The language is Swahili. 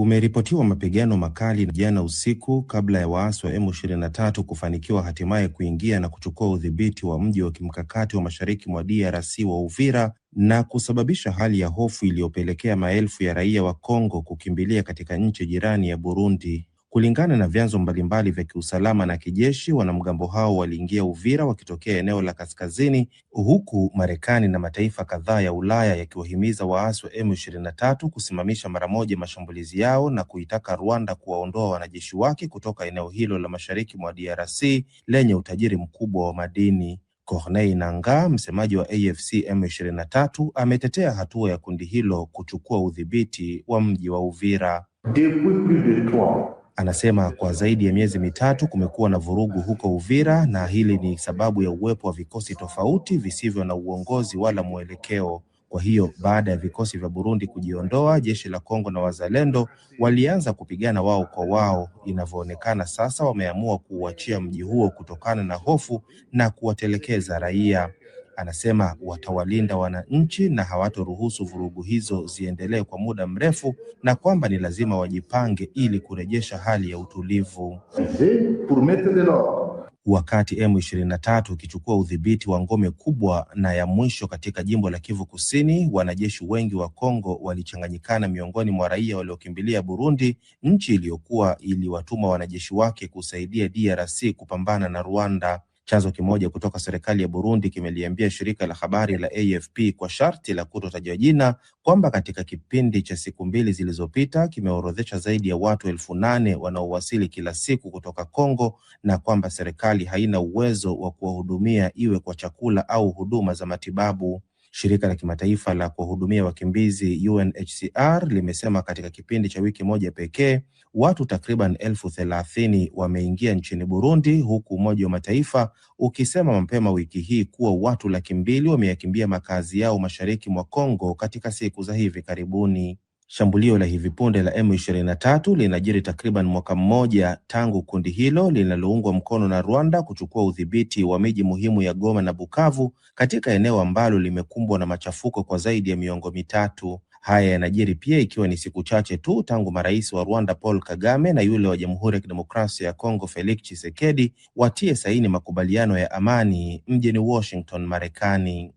Kumeripotiwa mapigano makali jana usiku kabla ya waasi wa M23 kufanikiwa hatimaye kuingia na kuchukua udhibiti wa mji wa kimkakati wa mashariki mwa DRC wa Uvira na kusababisha hali ya hofu iliyopelekea maelfu ya raia wa Kongo kukimbilia katika nchi jirani ya Burundi. Kulingana na vyanzo mbalimbali vya kiusalama na kijeshi, wanamgambo hao waliingia Uvira wakitokea eneo la kaskazini, huku Marekani na mataifa kadhaa ya Ulaya yakiwahimiza waasi wa M23 kusimamisha mara moja mashambulizi yao na kuitaka Rwanda kuwaondoa wanajeshi wake kutoka eneo hilo la mashariki mwa DRC lenye utajiri mkubwa wa madini. Corneille Nangaa, msemaji wa AFC M23, ametetea hatua ya kundi hilo kuchukua udhibiti wa mji wa Uvira. Anasema kwa zaidi ya miezi mitatu kumekuwa na vurugu huko Uvira na hili ni sababu ya uwepo wa vikosi tofauti visivyo na uongozi wala mwelekeo. Kwa hiyo baada ya vikosi vya Burundi kujiondoa, jeshi la Kongo na wazalendo walianza kupigana wao kwa wao. Inavyoonekana sasa, wameamua kuuachia mji huo kutokana na hofu na kuwatelekeza raia. Anasema watawalinda wananchi na hawatoruhusu vurugu hizo ziendelee kwa muda mrefu, na kwamba ni lazima wajipange ili kurejesha hali ya utulivu. Wakati M23 ikichukua udhibiti wa ngome kubwa na ya mwisho katika jimbo la Kivu Kusini, wanajeshi wengi wa Kongo walichanganyikana miongoni mwa raia waliokimbilia Burundi, nchi iliyokuwa iliwatuma wanajeshi wake kusaidia DRC kupambana na Rwanda. Chanzo kimoja kutoka serikali ya Burundi kimeliambia shirika la habari la AFP kwa sharti la kutotajwa jina kwamba katika kipindi cha siku mbili zilizopita kimeorodhesha zaidi ya watu elfu nane wanaowasili kila siku kutoka Kongo na kwamba serikali haina uwezo wa kuwahudumia iwe kwa chakula au huduma za matibabu. Shirika la kimataifa la kuwahudumia wakimbizi UNHCR limesema katika kipindi cha wiki moja pekee watu takriban elfu thelathini wameingia nchini Burundi, huku Umoja wa Mataifa ukisema mapema wiki hii kuwa watu laki mbili wameyakimbia makazi yao mashariki mwa Kongo katika siku za hivi karibuni. Shambulio la hivi punde la M23 linajiri takriban mwaka mmoja tangu kundi hilo linaloungwa mkono na Rwanda kuchukua udhibiti wa miji muhimu ya Goma na Bukavu katika eneo ambalo limekumbwa na machafuko kwa zaidi ya miongo mitatu. Haya yanajiri pia ikiwa ni siku chache tu tangu marais wa Rwanda Paul Kagame na yule wa Jamhuri ya Kidemokrasia ya Kongo Felix Tshisekedi watie saini makubaliano ya amani mjini Washington, Marekani.